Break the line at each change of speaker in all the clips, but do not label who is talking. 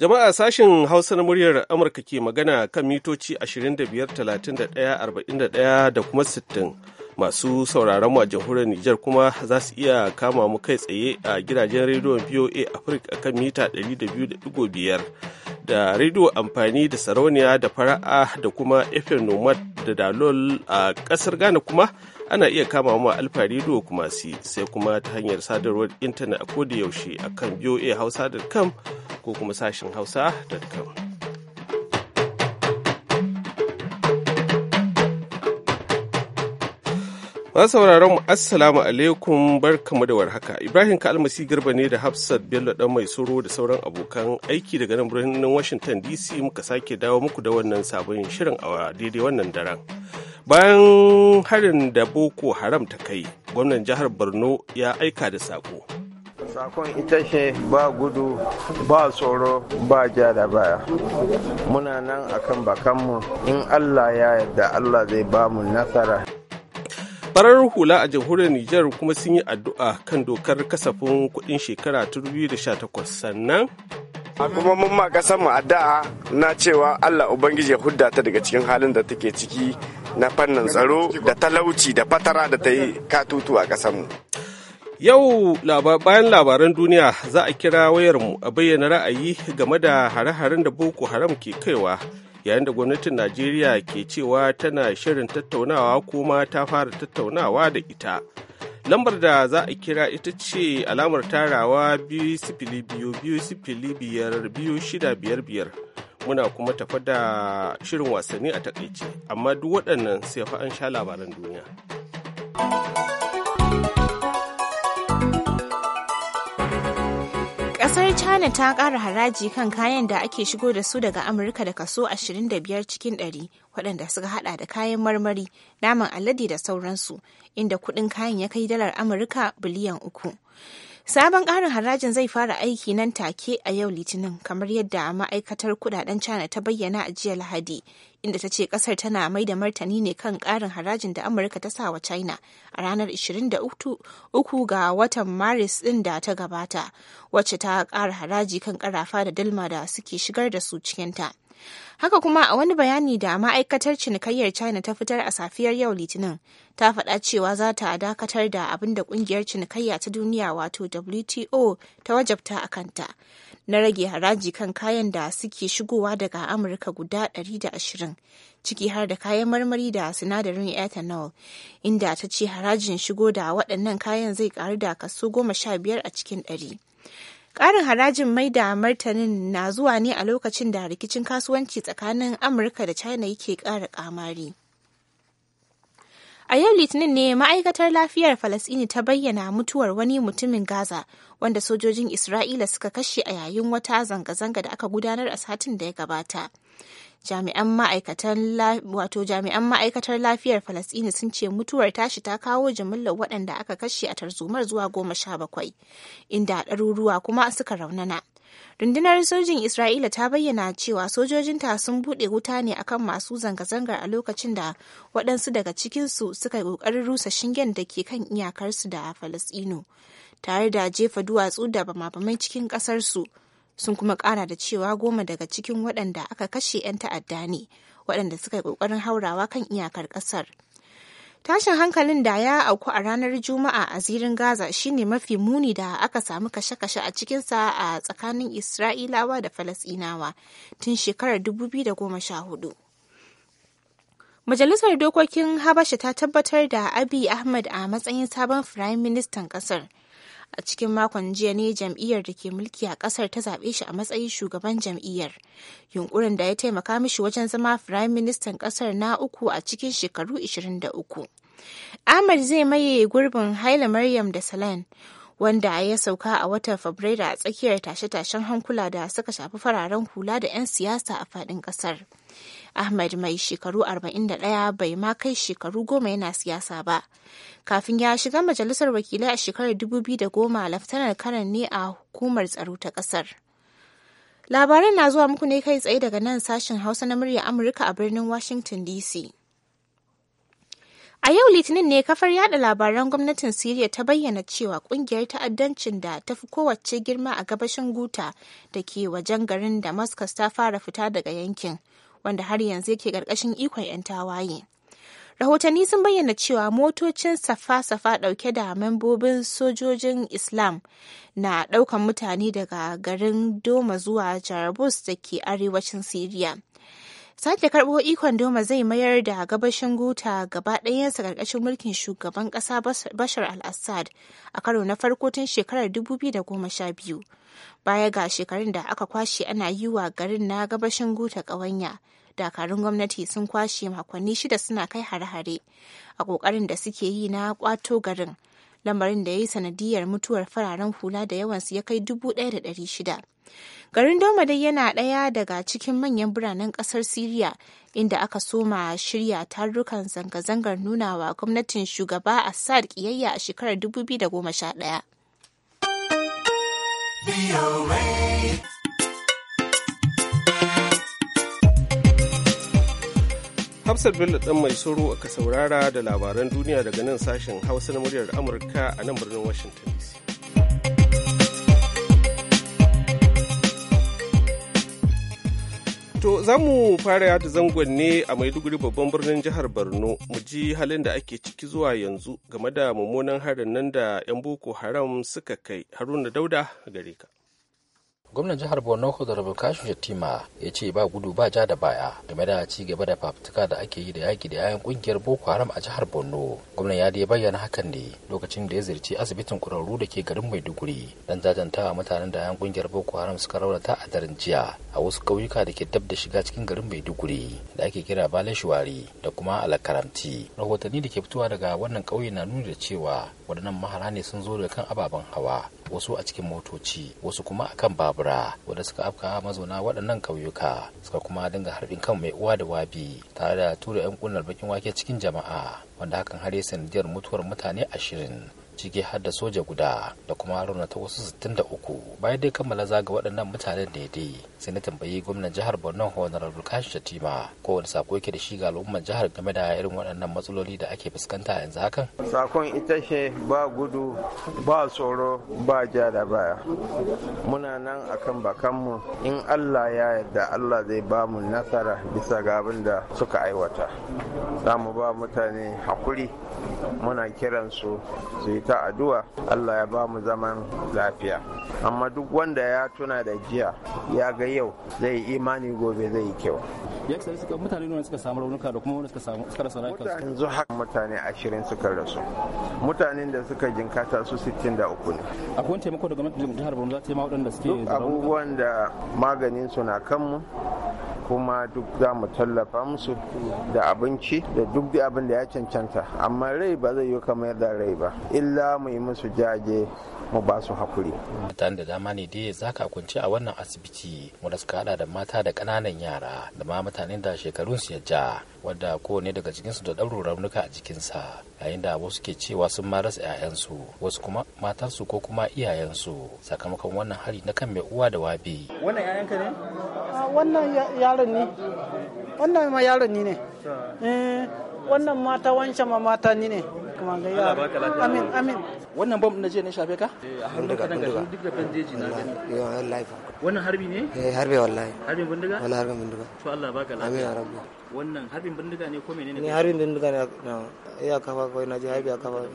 Jama'a sashen Hausa na muryar Amurka ke magana kan mitoci 25,31,41 da kuma 60 masu sauraron mu a jamhuriyar Nijar kuma za su iya kama mu kai tsaye a gidajen rediyon VOA Africa kan mita 200.5 da rediyo amfani da sarauniya da fara'a da kuma FM Nomad da Dalol a ƙasar Ghana kuma ana iya kama mu alfa rediyo kuma si sai kuma ta hanyar sadarwar intanet a koda yaushe a kan voahausa.com ko kuma sashin hausa.com Masu sauraron mu assalamu alaikum barkamu da warhaka Ibrahim Kalmasi Garba ne da Hafsat Bello dan mai soro da sauran abokan aiki daga nan birnin Washington DC muka sake dawo muku da wannan sabon shirin a daidai wannan daren. bayan harin da boko haram ta kai gwamnan jihar borno ya aika da sako
sakon ita ce ba gudu ba tsoro ba ja da baya muna nan akan bakanmu in allah ya yarda allah zai ba mu nasara
farar hula a jamhuriyar Nijar kuma sun yi addu'a kan dokar kasafin kuɗin shekara ta
2018 sannan kuma mun ma kasar mu addu'a na cewa Allah ubangiji ya hudda ta daga cikin halin da take ciki na fannin tsaro da talauci da fatara da ta yi katutu a ƙasarmu.
Yau bayan labaran duniya za a kira wayarmu a bayyana ra'ayi game da hare-haren da Boko Haram ke kaiwa yayin da gwamnatin Najeriya ke cewa tana shirin tattaunawa kuma ta fara tattaunawa da ita. Lambar da za a kira ita ce alamar tarawa biyu sifili biyu biyu sifili biyar biyu shida biyar biyar. muna kuma tafa da shirin wasanni a takaice amma duk waɗannan sai fa an sha labaran duniya
kasar china ta ƙara haraji kan kayan da ake shigo da su daga amurka da kaso 25 cikin 100 waɗanda suka hada da kayan marmari naman alade da sauransu inda kuɗin kayan ya kai dalar amurka biliyan uku Sabon ƙarin harajin zai fara aiki nan take a yau Litinin kamar yadda ma'aikatar kudaden China ta bayyana a jiya Lahadi, inda ta ce ƙasar tana mai da martani ne kan ƙarin harajin da Amurka ta sa wa China a ranar 23 ga watan Maris ɗin da ta gabata, wacce ta ƙara haraji kan ƙarafa da dalma da suke shigar da su cikinta. ta. Haka kuma a wani bayani da ma'aikatar cinikayyar China ta fitar a safiyar yau Litinin ta faɗa cewa za ta dakatar da abin da ƙungiyar cinikayya ta duniya wato WTO ta wajabta a kanta na rage haraji kan kayan da suke shigowa daga Amurka guda 120 ciki har da kayan marmari da sinadarin ethanol inda ta ce harajin shigo da waɗannan kayan zai ƙaru da kaso 15 a cikin ɗari. Ƙarin harajin mai da martanin na zuwa ne a lokacin da rikicin kasuwanci tsakanin Amurka da China yake ƙara ƙamari. A yau Litinin ne ma'aikatar lafiyar Falasɗini ta bayyana mutuwar wani mutumin Gaza wanda sojojin Isra'ila suka kashe a yayin wata zanga-zanga da aka gudanar a satin da ya gabata. jami'an ma'aikatar lafiyar falasɗini sun ce mutuwar tashi ta kawo jimillar waɗanda aka kashe a tarzomar zuwa goma sha bakwai inda ɗaruruwa kuma suka raunana rundunar sojin isra'ila ta bayyana cewa sojojinta sun buɗe wuta ne akan masu zanga-zangar a lokacin da waɗansu daga cikinsu suka ƙoƙarin rusa shingen da ke kan iyakarsu da falasɗinu tare da jefa duwatsu da bama cikin ƙasarsu sun kuma kara da cewa goma daga cikin waɗanda aka kashe 'yan ta'adda ne waɗanda suka yi ƙoƙarin haurawa kan iyakar ƙasar. Tashin hankalin da ya auku a ranar Juma'a a zirin Gaza shine mafi muni da aka samu kashe-kashe a cikinsa a tsakanin Isra'ilawa da Falasɗinawa tun shekarar 2014. Majalisar Dokokin Habasha ta tabbatar da Abiy Ahmed a matsayin sabon Firayim Ministan ƙasar a cikin makon jiya ne jam'iyyar da ke mulki a kasar ta zaɓe shi a matsayin shugaban jam'iyyar yunkurin da ya taimaka mishi wajen zama firayim ministan kasar na uku a cikin shekaru 23 ahmad zai maye gurbin haila maryam da salan wanda ya sauka a watan fabrairu a tsakiyar tashe-tashen hankula da suka shafi fararen hula da 'yan siyasa a faɗin ƙasar. Ahmad mai shekaru 41 bai ma kai shekaru goma yana siyasa ba. Kafin ya shiga majalisar wakilai a shekarar 2010 laftanar karan ne a hukumar tsaro ta ƙasar. Labaran na zuwa muku ne kai tsaye daga nan sashen Hausa na murya Amurka a birnin Washington DC. A yau Litinin ne kafar yada labaran gwamnatin Siriya ta bayyana cewa kungiyar ta'addancin da ta fi kowace girma a gabashin Guta da ke wajen garin Damascus ta fara fita daga yankin wanda har yanzu yake ƙarƙashin ikon 'yan tawaye. Rahotanni sun bayyana cewa motocin safa-safa ɗauke da membobin sojojin Islam na ɗaukan mutane daga garin Doma zuwa Jarabus da ke arewacin Siriya. Sake karɓo ikon Doma zai mayar da gabashin Guta gaba ɗayansa ƙarƙashin mulkin shugaban ƙasa Bashar al-Assad a karo na farko tun shekarar 2012. Baya ga shekarun da aka kwashe ana yi wa garin na gabashin Guta ƙawanya. dakarun gwamnati sun kwashe makonni shida suna kai hare-hare a ƙoƙarin da suke yi na ƙwato garin lamarin da ya yi sanadiyar mutuwar fararen hula da yawansu ya kai dubu ɗaya da ɗari shida Garin Doma dai yana ɗaya daga cikin manyan biranen ƙasar Siriya inda aka soma shirya tarurrukan zanga-zangar nunawa gwamnatin shugaba Assad ƙiyayya a shekarar 2011.
Hafsat Bello ɗan mai soro aka saurara da labaran duniya daga nan sashen Hausa na muryar Amurka a nan birnin Washington DC. To za mu fara da zangon ne a Maiduguri babban birnin jihar Borno mu ji halin da ake ciki zuwa yanzu game da mummunan harin nan da 'yan Boko Haram suka kai Haruna Dauda gare ka.
gwamnan jihar borno honorable kashu shatima ya ce ba gudu ba ja da baya game da ci gaba da fafutuka da ake yi da yaki da yayan kungiyar boko haram a jihar borno gwamnan ya dai bayyana hakan ne lokacin da ya ziyarci asibitin kurarru da ke garin maiduguri dan jajantawa mutanen da yayan kungiyar boko haram suka raunata a daren jiya a wasu ƙauyuka da ke dab da shiga cikin garin maiduguri da ake kira Shuwari" da kuma alakaranti rahotanni da ke fitowa daga wannan ƙauye na nuni da cewa waɗannan mahara ne sun zo da kan ababen hawa wasu a cikin motoci wasu kuma a kan babura wadda suka afka mazauna waɗannan ƙauyuka suka kuma dinga harbin kan mai uwa da wabi tare da tura 'yan ƙunar bakin wake cikin jama'a wanda hakan har ya sanadiyar mutuwar mutane ashirin ciki har da soja guda da kuma ta wasu 63 bayan dai kammala zaga waɗannan mutanen ne dai sai na tambayi gwamnan jihar borno honorable kashi shatima kowane sako yake da shi ga al'ummar jihar game da irin waɗannan matsaloli da ake fuskanta yanzu hakan
sakon ita ce ba gudu ba tsoro ba ja da baya muna nan akan bakanmu in allah ya yarda allah zai ba mu nasara bisa ga abin da suka aiwata za mu ba mutane hakuri muna kiransu su yi ta addu'a allah ya ba mu zaman lafiya amma duk wanda ya tuna da jiya ya ga yau zai yi imani gobe zai yi kyau mutane ne suka samu raunuka
da kuma wanda suka samu suka rasa rayuka
mutane yanzu haka mutane ashirin suka rasu mutanen da suka jinkata su sittin da uku ne akwai wani taimako da gwamnati jihar Borno za ta yi ma waɗanda suke abubuwan da maganin su na kanmu kuma duk za mu tallafa musu da abinci da duk da abin da ya cancanta amma rai ba zai yi kamar da rai ba illa mu yi musu jaje mu ba su hakuri mutane da dama ne dai
za ka kunci a wannan asibiti wanda suka hada da mata da kananan yara da ma mutanen da shekarun su ya ja wadda kowane daga cikinsu da ɗauro raunuka a jikinsa yayin da wasu ke cewa sun ma rasa 'ya'yansu wasu kuma matarsu ko kuma iyayensu sakamakon wannan hari na kan mai uwa da wabe.
wannan 'ya'yanka ne ah, wannan yaron ne wannan ma yaron ne ne eh, wannan mata wancan ma mata ni ne kuma ga
yara amin amin wannan bomb na je ne shafe ka eh a hannun ka dan duk da bandeji na gani wallahi wannan harbi ne eh harbin bindiga
wallahi harbin bindiga
lafiya amin ya ne
ya eh, kafa kawai na ji harbi ya kafa eh.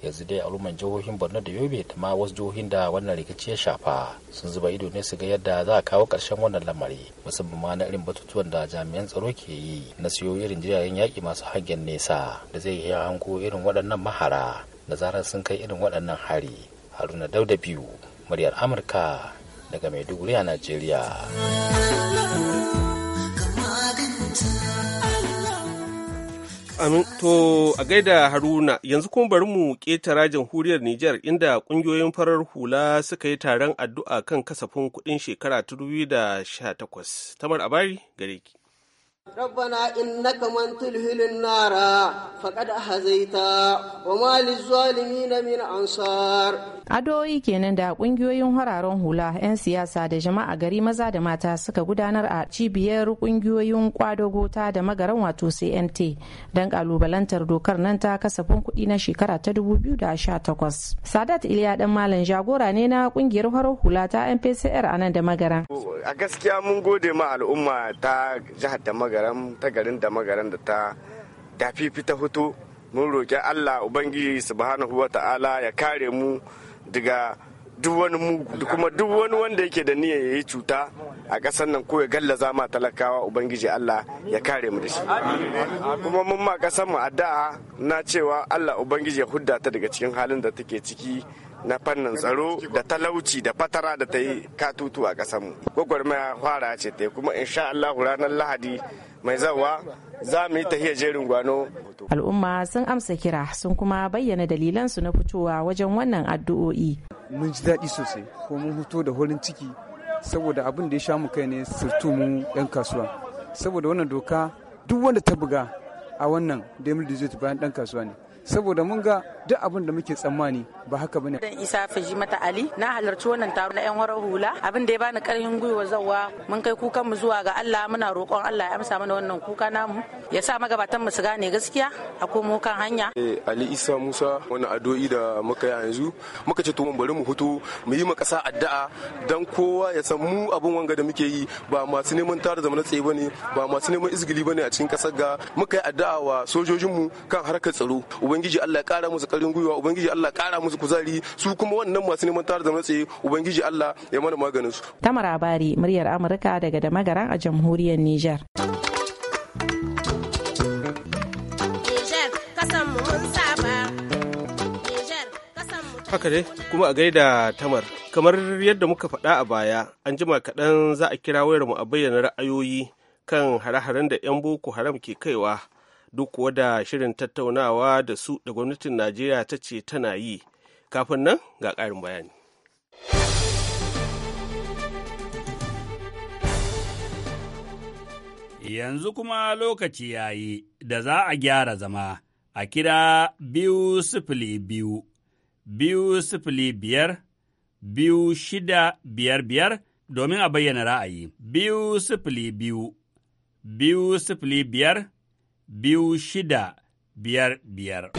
yanzu dai al'umman jihohin Borno da Yobe da ma wasu jihohin da wannan rikici ya shafa sun zuba ido ne su ga yadda za a kawo karshen wannan lamari musamman ma na irin batutuwan da jami'an tsaro ke yi na siyo irin jiragen yaƙi masu hangen nesa da zai yi ko irin waɗannan mahara da zarar sun kai irin waɗannan hari haruna dauda biyu muryar amurka daga maiduguri a najeriya
to a gaida Haruna yanzu kuma bari mu ƙetara jamhuriyar Nijar inda ƙungiyoyin farar hula suka yi taron addu'a kan kasafin kuɗin shekara 2018. Tamar Abari gare ki.
ربنا إنك من تلهل النار فقد أحزيتا وما للظالمين من أنصار
Adoyi kenan da kungiyoyin hararen hula 'yan siyasa da jama'a gari maza da mata suka gudanar a cibiyar kungiyoyin kwadogota da magaran wato CNT don kalubalantar dokar nan ta kasafin kuɗi na shekara ta 2018. Sadat Iliya dan Malam jagora ne na kungiyar harar hula ta mpcr a nan da magaran.
A gaskiya mun gode ma al'umma ta jihar da magaran magaran ta garin da magaran da ta dafifi ta hutu mun roƙi allah ubangiji subhanahu wa ta'ala ya kare mu daga duk wani mugu kuma duk wani wanda yake da niyyar yayi cuta a ƙasar nan ko ya gallaza ma talakawa ubangiji Allah ya kare mu da shi kuma mun ma ƙasar mu addu'a na cewa Allah ubangiji ya hudda ta daga cikin halin da take ciki na fannin tsaro da talauci da fatara da ta yi katutu a ƙasarmu gwagwarmaya fara ce ta kuma insha Allah ranar lahadi mai zawa za mu yi tahiyar jerin gwano
al'umma sun amsa kira sun kuma bayyana dalilansu na fitowa wajen wannan addu'o'i
mun ji daɗi sosai ko mun fito da holin ciki saboda abin da ya sha mu kai ne sirtu mu 'yan kasuwa saboda wannan doka duk wanda ta buga a wannan da bayan ɗan kasuwa ne saboda mun ga duk abin da muke tsammani ba haka bane dan isa
faji mata ali na halarci wannan taro na yan warar hula abin da ya bani karfin gwiwa zawa mun kai kukan mu zuwa ga Allah muna roƙon Allah ya amsa mana wannan kuka namu ya sa magabatan mu su gane gaskiya a komo kan hanya
eh, ali isa musa wani addu'o'i da muka yi yanzu muka ce to mun bari mu hutu mu yi ma kasa addu'a dan kowa ya san mu abin wanga da muke yi ba masu neman tare da tsaye bane ba masu neman izgili bane a cikin kasar ga muka yi addu'a wa sojojin mu kan harkar tsaro ubangiji Allah ya kara musu karin gwiwa ubangiji Allah ya kara musu kuzari su kuma wannan masu neman tare da matsayi ubangiji Allah ya mana maganin su
Tamara Bari muryar Amurka daga magaran a jamhuriyar Niger
haka dai kuma a gaida tamar kamar yadda muka faɗa a baya an jima kaɗan za a kira wayarmu a bayyana ra'ayoyi kan hare-haren da 'yan boko haram ke kaiwa duk kuwa da shirin tattaunawa da su da gwamnatin najeriya ta ce tana yi kafin nan ga ƙarin bayani
yanzu kuma lokaci ya yi da za a gyara zama a kira biyu sifili biyu biyu sifili biyar biyu shida biyar biyar domin a bayyana ra'ayi biyu sifili biyu biyu sifili biyar biyu shida biyar biyar.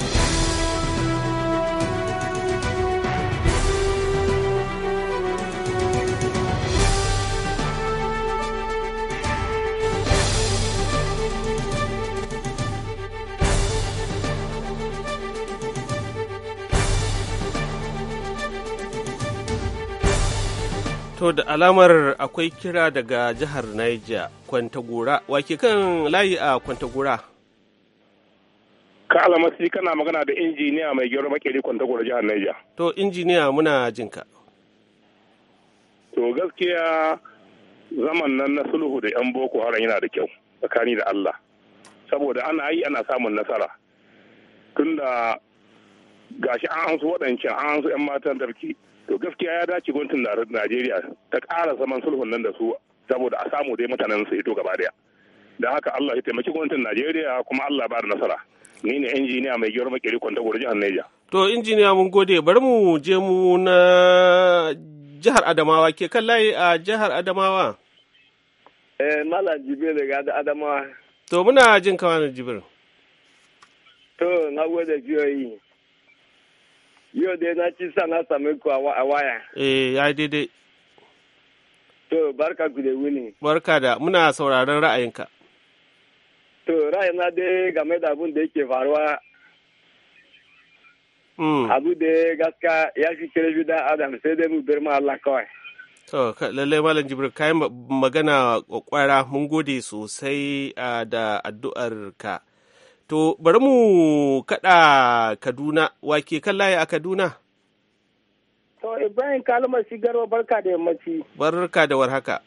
To da alamar akwai kira daga jihar Niger, Kwantagura, wake kan layi a kwantagura?
ka alamasi kana magana da injiniya mai gyaran makeri kwantagwar jihar Niger.
To injiniya muna jinka.
To gaskiya zaman nan na sulhu da 'yan boko haram yana da kyau tsakani da Allah. Saboda ana yi ana samun nasara. Tunda gashi an hansu waɗancan an hansu 'yan matan darki. To gaskiya ya dace gwamnatin Najeriya ta ƙara zaman sulhun nan da su saboda a samu dai mutanen su ito gaba daya. Da haka Allah ya taimaki gwamnatin Najeriya kuma Allah ba da nasara. ni ne injiniya mai gyaru makeri kwanta gwarji jihar Neja.
To injiniya mun gode bari mu je mu na jihar Adamawa ke kan layi a jihar Adamawa.
Eh Malam Jibril daga Adamawa.
To muna jin kawanin jibir
To na gode jiyoyi. Yau dai na ci sa na sami ku a waya.
Eh ya daidai.
To barka ku da wuni.
Barka da muna sauraron ra'ayinka.
To ra'ayina dai game da abin da yake faruwa hmm. abu da gaska ya fi kire da adam sai dai mu birma Allah kawai.
To, lallai Malam Jibril, kayan magana kwakwara mun gode sosai da addu'ar ka. To, bari mu kaɗa Kaduna, wake kan laye a Kaduna?
To, Ibrahim Kalmar Shigarwa barka da yammaci.
Barka da warhaka. haka.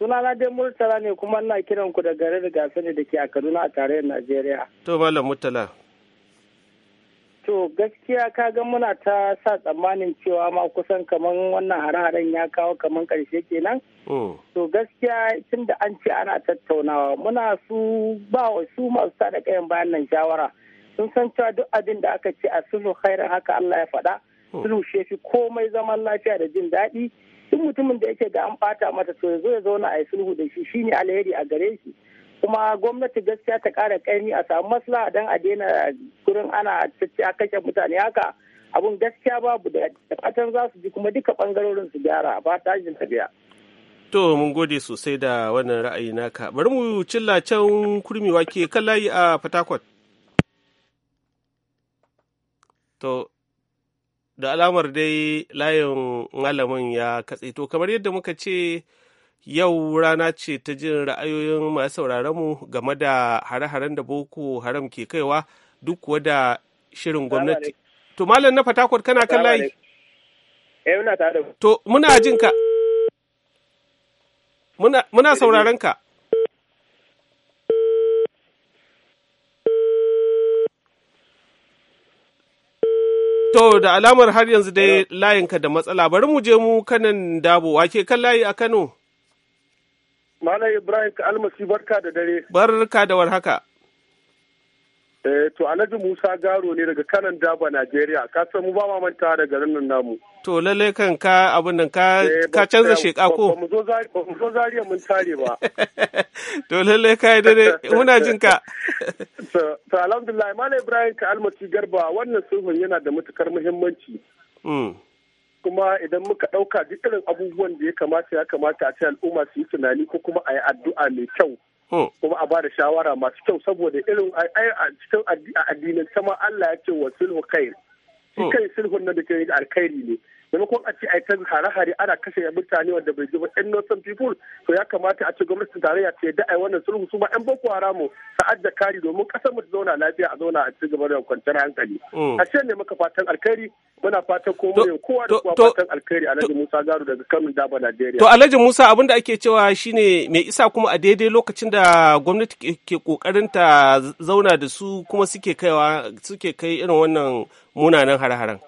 sunana dai murtala ne kuma na kiran ku da garin gasani da ke a kaduna a tarayyar najeriya
to malam murtala
to gaskiya ka ga muna ta sa tsammanin cewa ma kusan kaman wannan hare-haren ya kawo kaman karshe kenan oh. to gaskiya tun da an ce ana tattaunawa muna su ba wa su masu sa da kayan bayan nan shawara sun san cewa duk abin da aka ce a sulhu khairin haka Allah ya faɗa oh. sulhu shi komai zaman lafiya da jin daɗi duk mutumin da yake da an bata mata to zo ya zauna a yi sulhu da shi shine alheri a gare shi kuma gwamnati gaskiya ta kara kaimi a samu maslaha don a daina gurin ana a kashe mutane haka abun gaskiya babu da fatan za su ji kuma duka bangarorin su gyara ba ta jin tafiya.
To mun gode sosai da wannan ra'ayi naka. Bari mu cilla can kurmi wake kan layi a Fatakwat. To da alamar dai layin malamin ya katse to kamar yadda muka ce yau rana ce ta jin ra'ayoyin masu sauraronmu game da hare-haren da boko haram ke kaiwa duk kuwa da shirin gwamnati to malam na fatakwar kana kan layi eh, to muna jin ka muna sauraron ka To da alamar har yanzu dai layinka da matsala bari mu je mu kanan dabo wake kan layi a Kano.
Malam Ibrahim ka almasi barka da dare.
Barka da warhaka.
Eh, to Alhaji Musa Garo ne daga kanan daba Najeriya, ka san mu ba ma manta da garin nan namu.
To lalle kan ka abin nan ka eh, ka canza sheka ko? Ba
mu zo zariya mun tare ba.
To lalle ka yi dare muna jin ka.
To alhamdulillah Malam Ibrahim ka almaci garba wannan sulhun yana da matukar muhimmanci. Mm. Kuma idan muka ɗauka duk irin abubuwan da ya kamata ya kamata a ce al'umma su yi tunani ko kuma a yi addu'a mai kyau. kuma a bada shawara masu kyau saboda irin a cikin addinin sama Allah ya ce wa sulhu kai shi oh. kai sulhun nan da ke alkhairi ne maimakon a ce a ta hare-hare ana kashe mutane wanda bai ji yan innocent people to ya kamata a ce ta tarayya ta yadda a wannan sulhu su ma yan boko haramu sa'ad da kari domin kasar mu ta zauna lafiya a zauna a cigaba da kwanciyar hankali mm. a ce ne maka fatan alkhairi muna fatan komai mu kowa da kowa fatan alkhairi alhaji musa garu daga kano daba najeriya to alhaji musa
abin da ake cewa shine mai isa kuma a daidai lokacin da gwamnati ke kokarin ta zauna da su kuma suke kaiwa suke kai irin wannan munanan hare-haren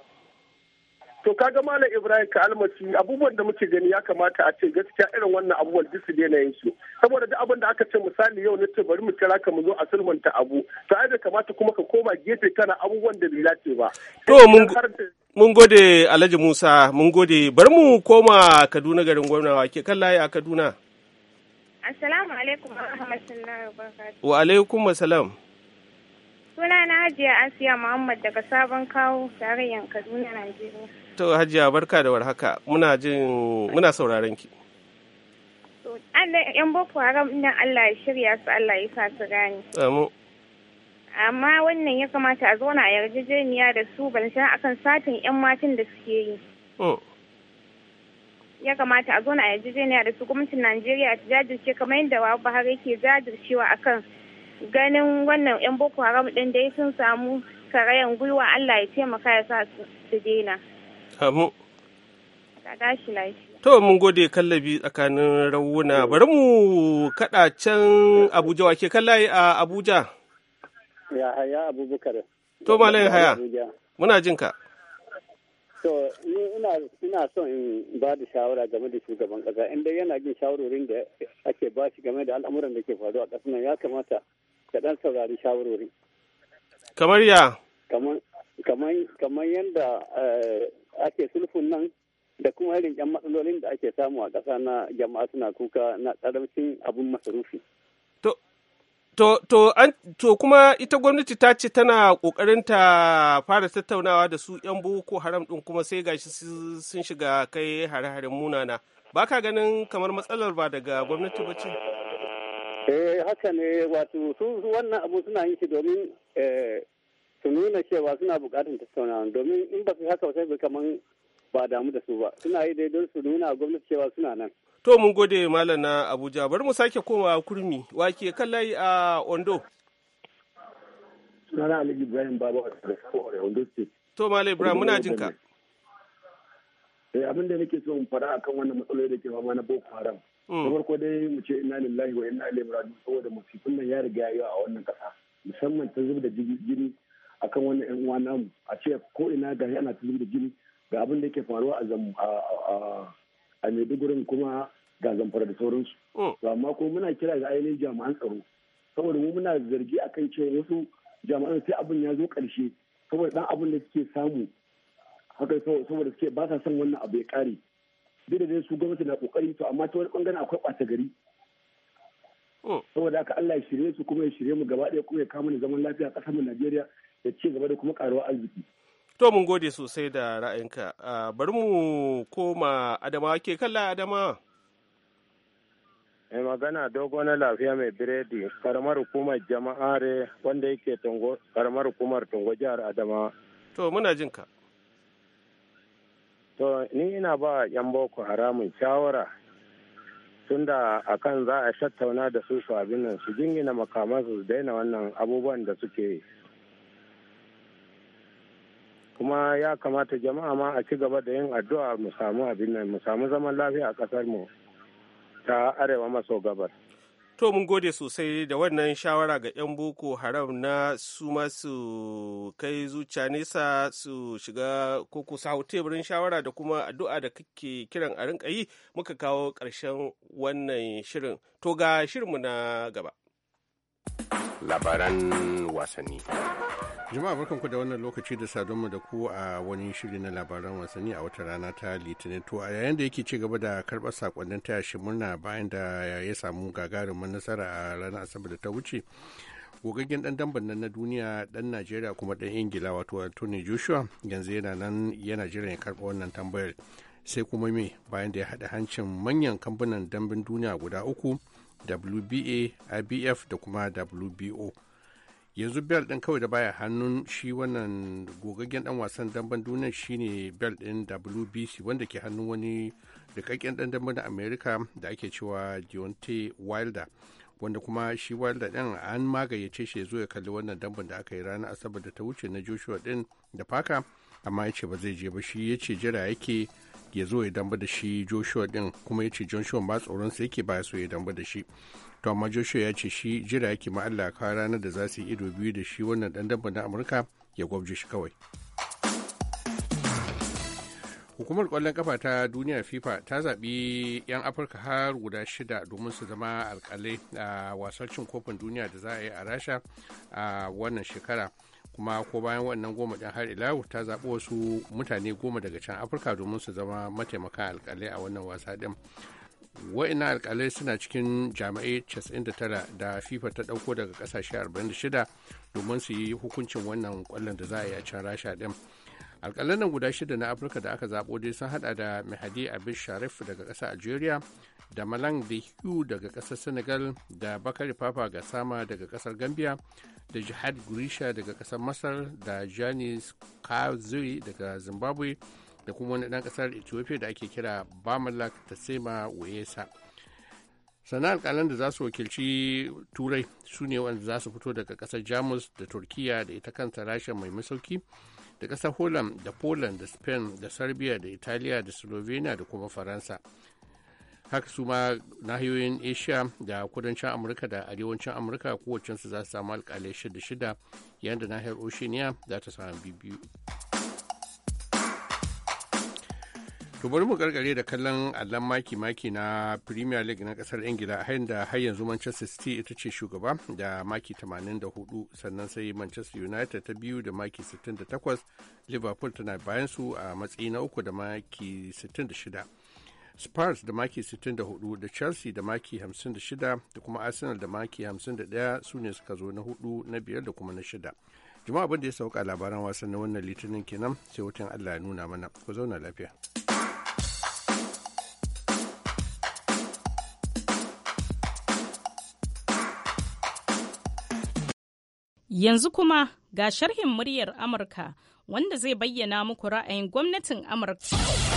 to kaga malam ibrahim ka almasi abubuwan da muke gani ya kamata a ce gaskiya irin wannan abubuwan duk su daina yin su saboda duk abin da aka ce misali yau na ce bari mu kira ka mu zo a sulmanta abu to ai da kamata kuma ka koma gefe kana abubuwan da bai dace ba to
mun gode alhaji musa mun gode bari mu koma kaduna garin gwamna ke kan layi a kaduna
assalamu alaikum wa
wa alaikum assalam
sunana hajiya asiya muhammad daga sabon kawo tarayyar kaduna najeriya
to hajiya barka da warhaka muna jin muna sauraron ki
yan boko haram ina Allah ya shirya su Allah ya sa su gane amma wannan ya kamata a zauna a yarjejeniya da su ban san akan satin yan matan da suke yi hmm. ya kamata a zauna a yarjejeniya da su gwamnatin Najeriya ta jajirce kamar yadda wa Buhari yake jajircewa akan ganin wannan yan boko haram din dai sun samu karayan gwiwa Allah ya taimaka ya sa su daina.
Kamu. To mun gode kallabi tsakanin rawuna bari mu kaɗa can Abuja wake kallaye a Abuja.
Ya haya Abubakar. To malayin haya. Muna jin ka. To ni ina son in ba da shawara game da shugaban ƙasa. inda yana jin shawarorin da ake ba shi game da al'amuran da ke faruwa a ƙasar nan ya kamata ka dan saurari shawarori.
Kamar ya?
Kamar yadda eh, ake sulfun nan da kuma irin yan matsalolin da ake samu a ƙasa na jama'a suna kuka na ƙaramcin abin masarufi.
To, kuma ita gwamnati ta ce tana ƙoƙarin ta fara tattaunawa da su 'yan boko haram ɗin kuma sai gashi sun shiga kai hare-haren munana. Ba ka ganin kamar matsalar ba daga gwamnati ba ce?
Eh, haka ne wato su wannan abu suna yin shi domin eh, su nuna cewa suna buƙatar tattaunawa domin in ba su haka sai kamar ba damu da su ba suna yi dai don su nuna gwamnati cewa suna nan.
To mun gode malam na Abuja bari mu sake koma kurmi wake kallai a Ondo.
Sunana Ali Ibrahim babu a Ondo State. To malam Ibrahim muna jin ka. Eh abin da nake so in fara akan wannan matsaloli da ke fama na Boko Haram. Da mm. farko dai mu ce inna lillahi wa inna ilaihi raji'un saboda musifin nan ya riga ya a wannan kasa musamman ta zub da jini akan wani yan uwa namu a ce ko ina ga ana tulu da gini ga abin da yake faruwa a zam a Maiduguri kuma ga zamfara da sauransu hmm. to amma ko muna kira ga ainihin jami'an tsaro saboda mu muna zargi akan cewa wasu jami'an sai abin ya zo karshe saboda dan abin da suke samu haka saboda suke ba sa son wannan abu ya kare duk da dai su gwamnati na kokari to amma ta wani bangaren akwai ɓata gari hmm. saboda haka Allah ya shirye su kuma ya shirye mu gaba ɗaya kuma ya kama ni zaman lafiya a ƙasar mu Najeriya da ci gaba da kuma karuwar arziki
to mun gode sosai da ra'ayinka ah, bari mu koma adama ke kalla adama
mai magana dogo na lafiya mai biredi karamar hukumar jama'are wanda yake karamar hukumar tungo jihar adama
to muna jin ka
to ni ina ba yan boko haramun shawara tunda kan za a tattauna da su su abin nan su jingina makamansu su daina wannan abubuwan da suke kuma ya kamata jama'a ma a ci gaba da yin addu'a mu samu abin nan mu samu zaman lafiya a ƙasar mu ta arewa maso gabas
to mun gode sosai da wannan shawara ga 'yan boko haram na su masu kai zuciya nesa su shiga koko sahu teburin shawara da kuma addu'a da kake kiran a rinka muka kawo ƙarshen wannan shirin to ga shirinmu na gaba
labaran wasanni
Jama'a barkanku da wannan lokaci da sadonmu da ku a wani shiri na labaran wasanni a wata rana ta Litinin to a yayin da yake ci gaba da karɓar sakonnin taya yashi murna bayan da ya samu gagarumin nasara a ranar Asabar da ta wuce. gogaggen dan damban nan na duniya dan Najeriya kuma dan Ingila wato tony Joshua yanzu yana nan yana jiran ya karɓa wannan tambayar sai kuma me bayan da ya haɗa hancin manyan kambunan dambin duniya guda uku WBA, IBF da kuma WBO. yanzu bel ɗin kawai da baya hannun shi wannan gogaggen ɗan wasan damben duniya shine bel ɗin wbc wanda ke hannun wani rikakken ɗan damban na america da ake cewa deontay wilder wanda kuma shi wilder din an magayyace shi ya zo ya kalli wannan damban da aka yi ranar asabar da ta wuce na joshua din da faka amma ya ce ba zai je ba shi ya ce jira yake ya zo ya damba da shi joshua din kuma ya ce joshua ba tsoron sa yake ba so ya damba da shi to amma joshua ya ce shi jira yake ma allah ka ranar da za su yi ido biyu da shi wannan dan damba na amurka ya gwabje shi kawai hukumar kwallon kafa ta duniya fifa ta zaɓi 'yan afirka har guda shida domin su zama alkalai a wasar cin kofin duniya da za a yi a rasha a wannan shekara kuma ko bayan wannan goma ɗin har ila ta zaɓi wasu mutane goma daga can afirka domin su zama mataimakan alkalai a wannan wasa ɗin wa'ina alkalai suna cikin jami'ai 99 da fifa ta ɗauko daga ƙasashe 46 domin su yi hukuncin wannan kwallon da za a yi a can rasha ɗin alkalai nan guda shida na afirka da aka zaɓo dai sun haɗa da mahadi abin sharif daga ƙasar algeria da malang da hugh daga kasar senegal da bakari papa ga sama daga kasar gambia da jihad gurisha daga kasar masar da janis kazuri daga zimbabwe da kuma wani dan kasar ethiopia da ake kira bamalak sema wayesa sana alkalan da za su wakilci turai su ne wanda za su fito daga kasar jamus da turkiya da ita kanta rasha mai masauki da kasar holland da poland da spain da serbia da italiya da slovenia da kuma faransa haka su ma nahiyoyin asia da kudancin amurka da arewacin amurka kowacensu za su samu alkali shida shida yayin da nahiyar oceania za ta samu bibiyu to bari mu karkare da kallon allon maki maki na premier league na kasar ingila a da har yanzu manchester city ita ce shugaba da maki 84 sannan sai manchester united ta biyu da maki 68 liverpool tana bayan su a matsayi na uku da maki 66 Spurs da maki 64 da Chelsea da maki 56 da kuma Arsenal da maki 51 su ne suka zo na hudu na biyar da kuma na shida. Juma'a abin ya sauka labaran wasan na wannan litinin kenan sai wutan Allah ya nuna mana. Ku zauna lafiya.
Yanzu kuma ga sharhin muryar Amurka wanda zai bayyana muku ra'ayin gwamnatin Amurka.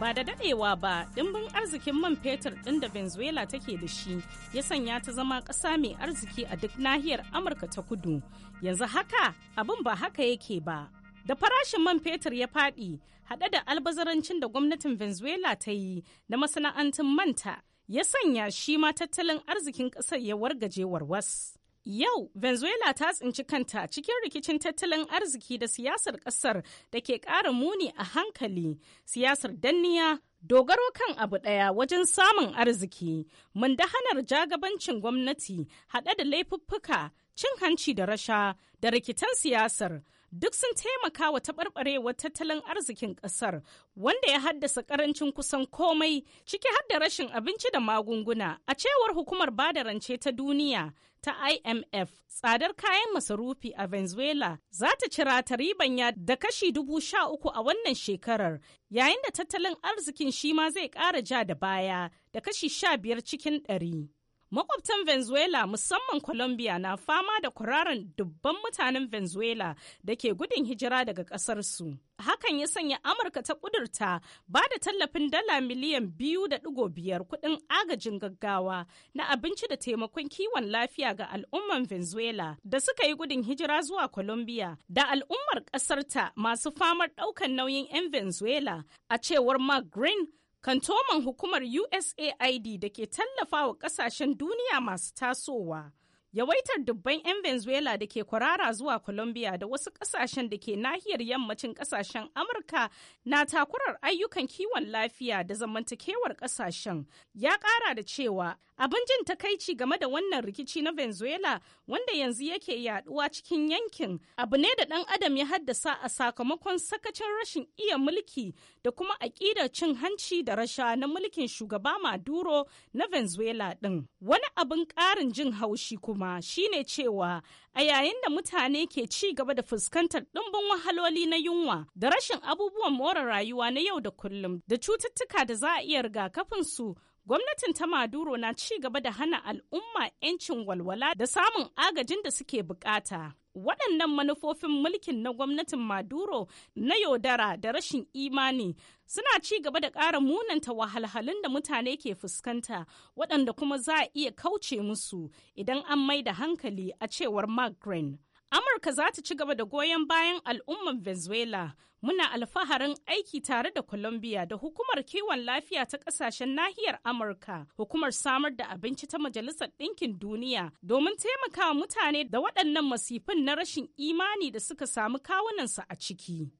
ba da dadewa ba dimbin arzikin man fetur din da venezuela take da shi ya sanya ta zama ƙasa mai arziki a duk nahiyar amurka ta kudu yanzu haka abin ba haka yake ba da farashin man fetur ya faɗi hade da albazarancin da gwamnatin venezuela ta yi da masana'antun manta ya sanya shi ma tattalin arzikin ƙasar ya wargaje warwas Yau, Venezuela ta tsinci kanta cikin rikicin tattalin arziki da siyasar ƙasar da ke ƙara muni a hankali, siyasar danniya, dogaro kan abu ɗaya wajen samun arziki, mundahanar jagabancin gwamnati haɗe da laifuffuka, cin hanci da rasha da rikitan siyasar. duk sun taimaka wa taɓarɓarewar tattalin arzikin ƙasar wanda ya haddasa ƙarancin kusan komai ciki har da rashin abinci da magunguna a cewar hukumar bada rance ta duniya ta IMF tsadar kayan masarufi a Venezuela za ta cira ta ribanya da kashi dubu sha uku a wannan shekarar yayin da tattalin arzikin shi ma zai ƙara ja da baya da kashi sha biyar cikin ɗari. Makwabtan Venezuela musamman Colombia na fama da kwararan dubban mutanen Venezuela da ke gudun hijira daga ƙasarsu. Hakan ya sanya Amurka ta ƙudurta ba da tallafin dala miliyan biyu da ɗigo biyar kuɗin agajin gaggawa na abinci da taimakon kiwon lafiya ga al'umman Venezuela da suka yi gudun hijira zuwa Colombia da al'ummar ƙasarta masu famar ɗaukan nauyin 'yan Venezuela a cewar Mark Green Kantoman hukumar USAID da ke tallafa wa kasashen duniya masu tasowa Yawaitar dubban 'yan Venezuela da ke kwarara zuwa Colombia da wasu ƙasashen da ke nahiyar yammacin ƙasashen Amurka na takurar ayyukan kiwon lafiya da zamantakewar ƙasashen. Ya ƙara da cewa abin jin takaici game da wannan rikici na Venezuela wanda yanzu yake yaduwa cikin yankin abu ne da ɗan adam ya haddasa a sakamakon sakacin rashin iya mulki da kuma aƙidar cin hanci da rasha na mulkin shugaba Maduro na Venezuela ɗin. Wani abin ƙarin jin haushi kuma kuma shine cewa a yayin da mutane ke ci gaba da fuskantar ɗumbin wahaloli na yunwa da rashin abubuwan more rayuwa na yau da kullum da cututtuka da za a iya rigakafin su gwamnatin ta maduro na ci gaba da hana al'umma 'yancin walwala da samun agajin da suke bukata waɗannan manufofin mulkin na gwamnatin maduro na yaudara da rashin imani suna ci gaba da ƙara munanta wahalhalun da mutane ke fuskanta waɗanda kuma za a iya kauce musu idan an mai da hankali a cewar mark Amurka za ta ci gaba da goyon bayan al'ummar Venezuela. Muna alfaharin aiki tare da Colombia da hukumar kiwon lafiya ta ƙasashen nahiyar Amurka, hukumar samar da abinci ta Majalisar Ɗinkin Duniya domin taimaka mutane da waɗannan masifin na rashin imani da suka samu kawunansa a ciki.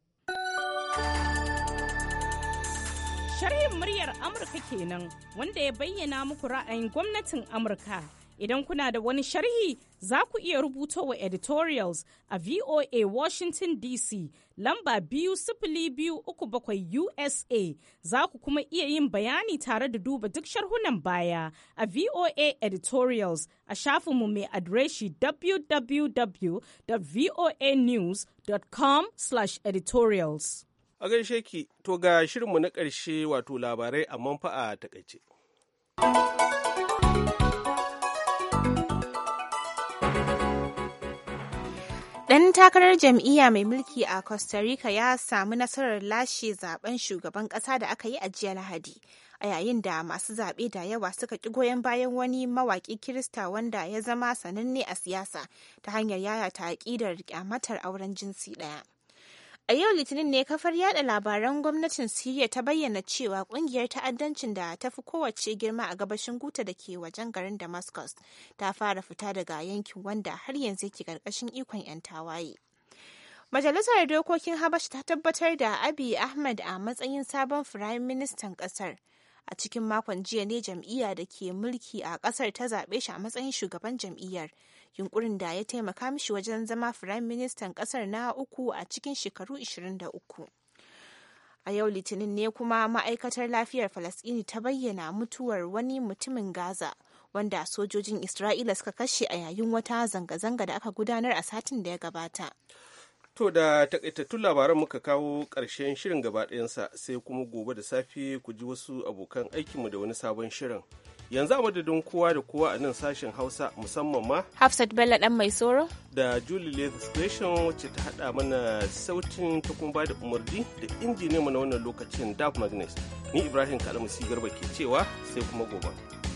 Sharhin muryar Amurka kenan wanda ya bayyana muku ra'ayin gwamnatin Amurka. Idan kuna da wani sharhi za ku iya rubuto wa editorials a VOA Washington DC lamba biyu sifili biyu uku bakwai USA za ku kuma iya yin bayani tare da duba duk sharhunan baya a VOA editorials a shafin mu mai adireshi www.voanews.com/editorials.
A gaishe ki, to ga shirinmu na ƙarshe wato labarai a manfa'a takaice.
Ɗan takarar jam'iyya mai mulki a Costa Rica ya samu nasarar lashe zaben shugaban ƙasa da aka yi a jiya Lahadi, a yayin da masu zaɓe da yawa suka ƙi goyon bayan wani mawaƙi Kirista wanda ya zama sananne a siyasa ta hanyar yayata aƙidar ƙyamatar auren jinsi ɗaya. A yau Litinin ne kafar yada labaran gwamnatin Siriya ta bayyana cewa kungiyar ta'addancin da ta fi kowace girma a gabashin Guta da ke wajen garin Damascus ta fara fita daga yankin wanda har yanzu ke karkashin ikon 'yan tawaye. Majalisar Dokokin habash ta tabbatar da abi Ahmed a matsayin sabon Firayim Ministan kasar a cikin makon jiya ne jam'iyya da ke mulki a kasar ta zaɓe shi a matsayin shugaban jam'iyyar yunkurin da ya taimaka mishi wajen zama firayim ministan ƙasar na uku a cikin shekaru 23. a yau litinin ne kuma ma'aikatar lafiyar falasɗini ta bayyana mutuwar wani mutumin gaza wanda sojojin isra'ila suka kashe a yayin wata zanga-zanga da aka gudanar a satin da ya gabata
to da takaitattun labaran muka kawo ƙarshen shirin gabaɗayansa sai kuma gobe da safe ku ji wasu abokan aikinmu da wani sabon shirin yanzu a madadin kowa da kowa a nan sashen hausa musamman ma
hafsat bello dan mai soro
da julie lathis station wacce ta hada mana sautin ta kuma bada umarni da injiniyanmu na wannan lokacin dab magnus ni ibrahim kalamusi garba ke cewa sai kuma gobe.